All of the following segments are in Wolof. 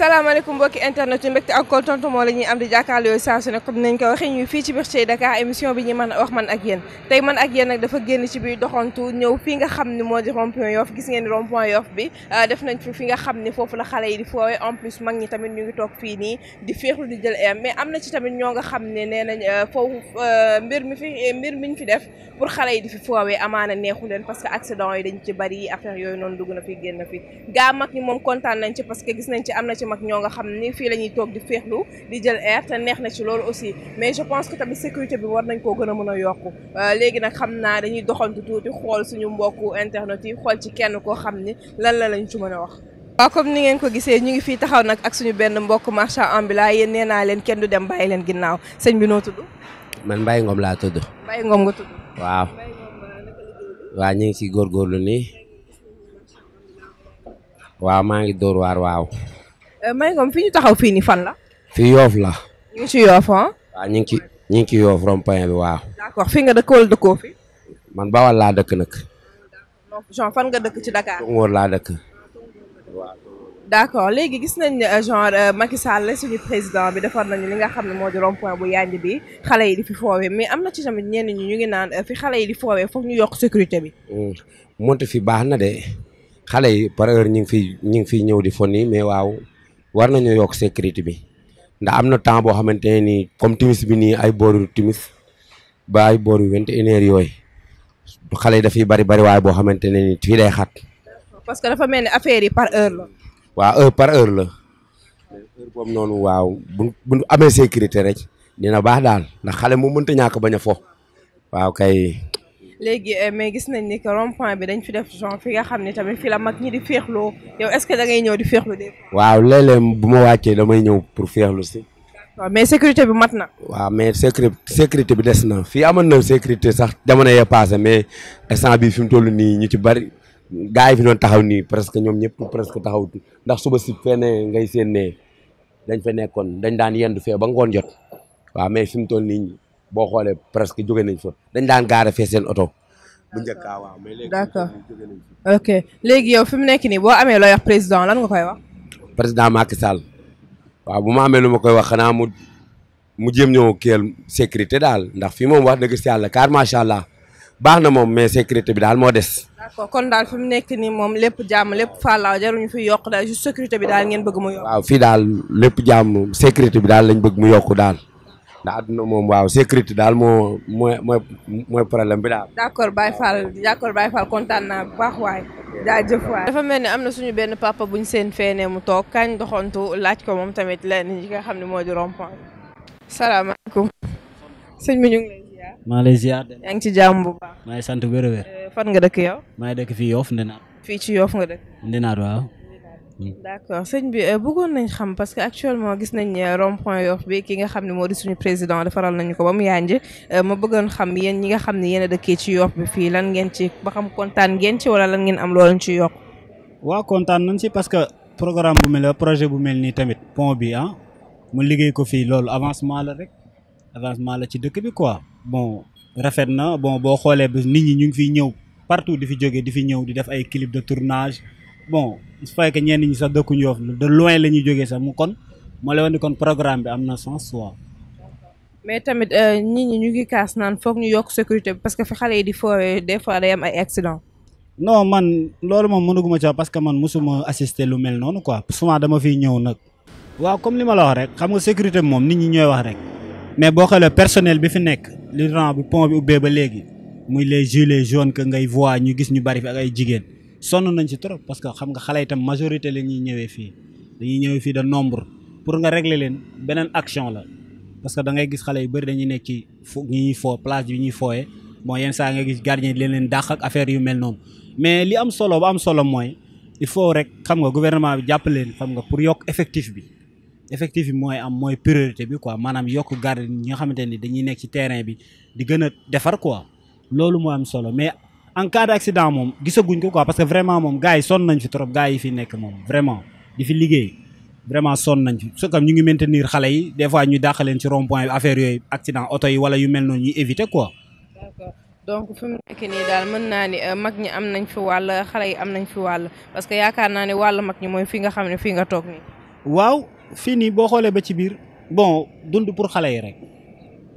السلام عليكم بوكي انترنت مبكتي انكول تونتو مو لا ني ام دي جاكال يو ساس نك نين كو وخي ني في تي بير سي داكار ايميسيون بي ني مان وخ مان اك يين تاي مان اك يين نك دافا ген سي بي دوخونتو نيو فيغا خامني مو دي رومبيون يوف غيس نين رومبوان يوف بي داف نان في فيغا خامني فوفو لا خالاي دي فوي اون بلوس ماغ ني تامين نيغي توك في ني دي فيخلو دي جيل ام مي امنا سي تامين نيوغا خامني نين فو مير مي في مير مين في داف بور خالاي دي في فوي امانه نيهو لين باسكو اكسيدون يي دنج تي بري افير يوي نون دوغنا في ген في غا ماك ني موم كونتان نان تي باسكو غيس نان تي امنا mag ñoo nga xam ni fii la ñuy toog di féexlu di jël air te neex na ci loolu aussi mais je pense que tamit sécurité bi war nañ ko gën a mën a yokk euh, léegi nag xam naa dañuy doxantu tuuti xool suñu mbokku internet yi xool ci kenn koo xam ni lan la lañ ci mën a wax. waaw comme ni ngeen ko gisee ñu ngi fii taxaw nag ak suñu benn mbokk marchand ambulant yéen nee naa leen kenn du dem bàyyi leen ginnaaw señ bi noo tudd. man mbay ngoom laa tudd. Mbaye Ngom nga tudd. waaw. waaw ñu ngi si góorgóorlu nii. waaw maa ngi dóor waaw. Euh, Mbaye Ngom fi ñu taxaw fii nii fan la. fi yoof la. ñu ci yoof ah? waaw ñu ngi ci ñu ngi ci yoof rond bi waaw. d'accord fi nga dëkkoo wala dëkkoo fi. man Bawal laa dëkk nag. donc genre fan nga dëkk ci Dakar. Ngor laa dëkk. waaw. d'accord léegi gis nañ ne euh, genre euh, Macky Sall suñu président bi defar nañu li nga xam ne moo di rond-point bu yanj bi xale yi di fi foowee mais am na ci tamit ñenn ñi ñu ngi naan fi xale yi di foowee foog ñu yokk sécurité bi. Hmm. monte fi baax na de xale yi par heure ñu ñu ngi fiy ñëw di fon nii mais waaw. war nañu yokk sécurité bi ndax am na temps boo xamante ne nii comme timis bi nii ay booru timis ba ay booru vingt et une heures yooyu xale yi dafay bari bari waaye boo xamante ne nii fii day xat. parce que dafa mel ni affaire yi par heure la. waaw heure par heure la. heure noonu waaw bu bu amee sécurité rek dina baax daal ndax xale mu mënta ñàkk bañ a fo. waaw kay. léegi eh, mais gis nañ ni que rond point bi dañ fi def genre fi nga xam ne tamit fi la mag ñi di féexloo yow est-ce que da ngay ñëw di féexlu de. waaw léeg-léeg bu ma wàccee damay ñëw pour féexlu si. mais sécurité bi mat na. waaw mais sécurité sécurité bi des na fii amoon na sécurité sax jamono yee passé mais instant bi fi mu toll nii ñu ci bari gars yi fi doon taxaw nii presque ñoom ñëpp presque taxaw ndax suba si fenn ngay seen ne dañ fa nekkoon dañ daan yendu fee ba ngoon jot waaw boo xoolee presque jóge nañ fa dañ daan gaare seen oto. bu njëkk a waaw mais léegi. léegi yow fi mu nekk nii boo amee looy wax président lan nga koy wax. président Macky Sall waaw bu mu amee lu ma koy wax xanaa mu mu jéem ñëw keel sécurité daal ndax fii moom wax dëgg si yàlla car macha allah baax na moom mais sécurité bi daal moo des. d' kon daal fi mu nekk nii moom lépp jàmm lépp fàllaaw jaruñu fi yokk daal juste sécurité bi daal ngeen bëgg mu fii daal lépp jàmm sécurité bi daal lañ bëgg mu yokk daal. ndax àdduna moom waaw sécurité daal moo mooy mooy mooy problème bi daal. d' accord Baye Fall d' kontaan naa bu baax waay jaajëf waay. dafa mel ni am na suñu benn papa buñ seen feenee mu toog kañ doxantu laaj ko moom tamit lenn ñi nga xam ne moo di rond-point. salaamaaleykum. sëñ bi ñu ngi lay yaa ngi ci jàmm bu baax. maa ngi sant wér eh, fan nga dëkk yow. maa ngi dëkk fii Yoff Ndinaat. fii ci Yoff nga dëkk. Ndinaat waaw. D'accord. accord sëñ bi euh, bëggoon nañ xam parce que actuellement gis nañ euh, rond point Yoff bi ki nga xam ne moo di suñu président defaral nañu ko ba mu yaanj euh, ma bëggoon xam yéen ñi nga xam ne yéen a dëkkee ci Yoff bi fii lan ngeen ci ba xam kontaan ngeen ci wala lan ngeen am loolu ci yokk. waaw kontaan nañ ci parce que programme bu mel projet bu mel nii tamit pont bi ah mu liggéey ko fii loolu avancement la rek avancement la ci dëkk bi quoi bon rafet na bon boo xoolee ba nit ñi ñu ngi fiy ñëw partout di fi jógee di fi ñëw di def ay clip de tournage. bon il faut que ñenn ñi sax dëkkuñu Yoff de loin la ñuy jógee sax mu kon moo lay wan ni kon programme bi am na sens waaw. mais tamit euh, nit ñi ñu ngi kaas naan foog ñu yokk sécurité bi parce que fi xale yi di foowee des fois day am ay accident man loolu moom mënuguma ca parce que man mosuma assister lu mel noonu quoi souvent dama fiy ñëw nag. waaw comme li ma la wax rek xam nga sécurité bi moom nit ñi ñooy wax rek. mais boo xoolee personnel bi fi nekk li ran bu pont bi ubbee ba léegi muy les gilets jaunes que ngay voir ñu gis ñu bari fi ak ay jigéen. sonn nañ ci trop parce que xam nga xale itam majorité la ñuy ñëwee fii dañuy ñëwee fii de nombre pour nga réglé leen beneen action la parce que da ngay gis xale yu bëri dañuy nekk ci fu foo place bi ñuy fooyee bon yenn saa nga gis gardien di leen leen ak affaire yu mel noonu mais li am solo ba am solo mooy il faut rek xam nga gouvernement bi jàpp leen xam nga pour yokk effectif bi effectif bi mooy am mooy priorité bi quoi maanaam yokk gardien ñi nga xamante ni dañuy nekk ci terrain bi di gën a defar quoi en cas d' accident moom gisaguñ ko quoi parce que vraiment mom gars yi sonn nañ fi trop gars yi fi nek mom vraiment di fi liguey vraiment son nañ fi su kam ñu ngi maintenir xalé yi des fois ñu dàq ci rond point affaire yoy accident auto yi wala yu mel noonu éviter quoi. d'accord donc fum nek ni dal daal mën naa ni euh, mag ñi am nañ fi wàll xalé yi am nañ fi wàll parce que yaakaar naa ne wàll mag ñi moy fi nga xamni fi nga tok ni waaw fini bo xolé ba ci bir bon dund pour xalé yi rek.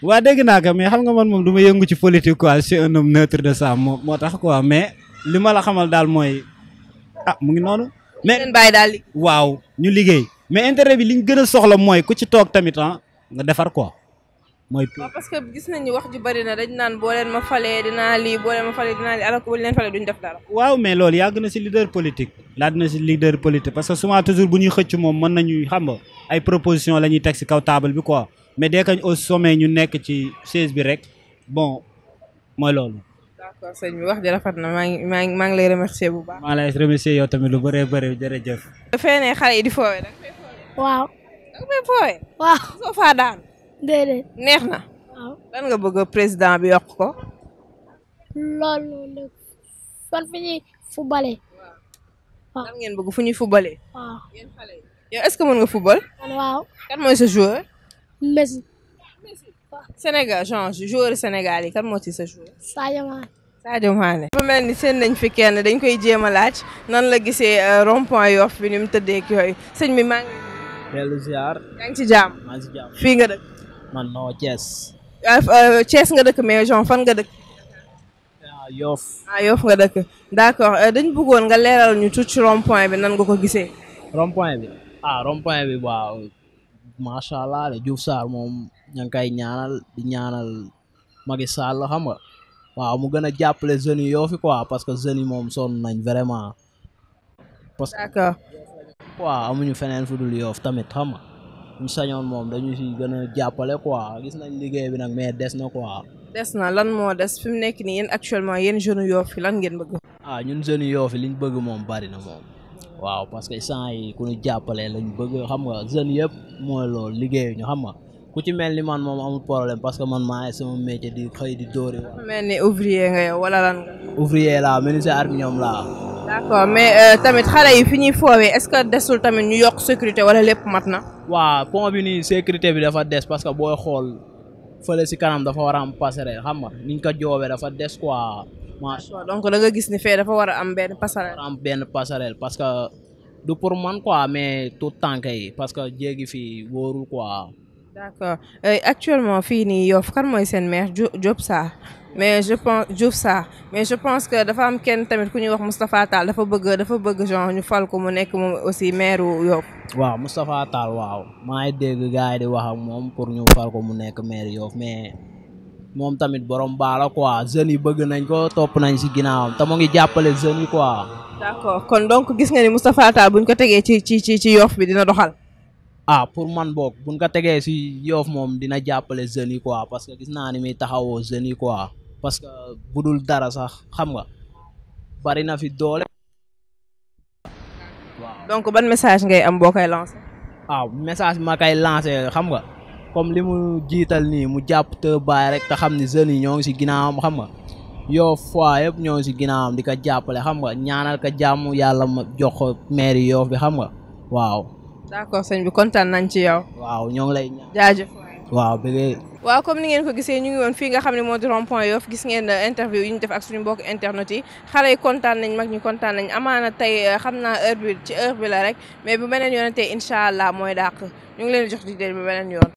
waa dégg naa ko mais xam nga man moom du ma yëngu ci politique quoi c'est un homme neutre de ça moo moo tax quoi mais li ma la xamal daal mooy ah mu ngi noonu. mais bàyyi daal waaw ñu liggéey. mais intérêt bi li ñu gën a soxla mooy ku ci toog tamit ah nga defar quoi. mooy. parce que gis nañu wax ju bari na dañ naan boo leen ma falee dinaa lii boo leen ma falee dinaa lii alors que bu leen falee duñ def dara. waaw mais loolu yàgg na ci leader politique. laaj na ci leader politique parce que souvent toujours bu ñuy xëcc moom mën nañu xam ay proposition la ñuy kaw table bi quoi mais dès que au sommet ñu nekk ci chaise bi rek bon mooy loolu. d'accord sëñ bi na maa maa ngi maa ngi lay remercier bu baax. maa lay remercier yow tamit lu bëree bëri jërëjëf. dafay ne da nga fay foowee. neex na. waaw nga bëgg président bi yokk ko. loolu la fan fi ñuy fubale. waaw ngeen bëgg fu ñuy fubale. waaw yéen est-ce que mën nga fubal. waaw kan mooy sa joueur. Sénégal joueur Sénégal yi kan moo ci sa joueur. Sadio Mané. Sadio Mané. seen nañ fi kenn dañ koy jéem a laaj nan la gisee euh, rond-point Yoff bi ni mu tëddee yooyu sëñ bi maa ngi. dellu ci jàmm. maa nga dëkk. man non Thiès. Ah, ah, Thiès nga dëkk mais Jean fan nga dëkk. ah yoof ah Yoff nga dëkk d' accord euh, dañ bëggoon nga leeral ñu tuuti rond point bi nan nga ko gisee. rond point bi ah rompoin point bi waaw macha allah de Diouf moom ña ngi koy ñaanal di ñaanal Macky Sall xam nga waaw mu gën a jàppale jeunes yi Yoff parce que jeunes yi moom sonn nañ vraiment. parce que waaw amuñu feneen fu dul Yoff tamit xam nga ñu sañoon moom dañu si gën a jàppale quoi gis nañ liggéey bi nag mais des na quoi. des na lan moo des fi mu nekk nii yéen actuellement yéen jeunes Yoff yi lan ngeen bëgg. ah ñun jeunes Yoff yi liñ bëgg moom bari na moom. waaw parce que sant yi ku ñu jàppale lañ bëgg xam nga jeunes yëpp mooy loolu liggéey ñu xam nga ku ci mel ni man moom amul problème parce que man maa ngi sama métier di xëy di dóori. mel ni ouvrier nga yow wala lan. ouvrier laa menuisier armi ñoom laa. d'accord mais euh, tamit xale yi fi ñuy foowee est-ce que desul tamit ñu yokk sécurité wala lépp mat na. waaw pont bi nii sécurité bi dafa des parce que booy xool fële si kanam dafa war am passerelle xam nga niñ ko joobee dafa des quoi. macha donc da nga gis ni fee dafa war a am benn passerelle. am benn passerelle parce que du pour man quoi mais tout tànk yi parce que jéegi fii wóorul koi d' accord euh, actuellement fii nii Yoff kan mooy seen maire Diop saa mais je pense Diouf Sarr mais je pense que dafa am kenn tamit ku ñuy wax Moustapha dafa bëgg dafa bëgg genre ñu fal ko mu nekk moom aussi maire Yoff waaw Moustapha waaw maa ngi dégg gars yi moom pour ñu fal ko mu nekk maire Yoff mais moom tamit borom baala quoi jeunes yi bëgg nañ ko topp nañ si ginnaawam te mu ngi jàppale jeunes yi quoi. d' kon donc gis nga ni Moustapha Tall buñ ko tegee ci ci ci ci Yoff bi dina doxal. ah pour man boog buñ ko tegee si yoof moom dina jàppale jeunes yi quoi parce que gis naa ni muy taxawoo jeunes yi quoi parce que bu dara sax xam nga bari na fi doole. waaw donc ban message ngay am boo koy lancé. Ah, message ma koy lancé xam nga comme li mu jiital nii mu jàpp te bàyyi rek te xam ni jeunes yi ñoo ngi si ginnaawam xam nga. yoo fois yëpp ñoo ngi si ginnaawam di ko jàppale xam nga ñaanal ko jàmm yàlla ma jox ko maire bi xam nga waaw. d'accord sëñ bi kontaan nañ ci yow. waaw ñoo ngi lay ñaan. jaajëf. waaw bëggee. waaw comme ni ngeen ko gisee ñu ngi woon fii nga xam ne moo di rond point gis ngeen euh, interview ñu def ak suñu mbokk internet yi xale yi kontaan nañ mag ñu kontaan nañ amaana tey euh, xam na heure bi ci heure bi la rek mais bu beneen yoon tey incha allah mooy dàq ñu ngi leen jox di déglu bu beneen yoon.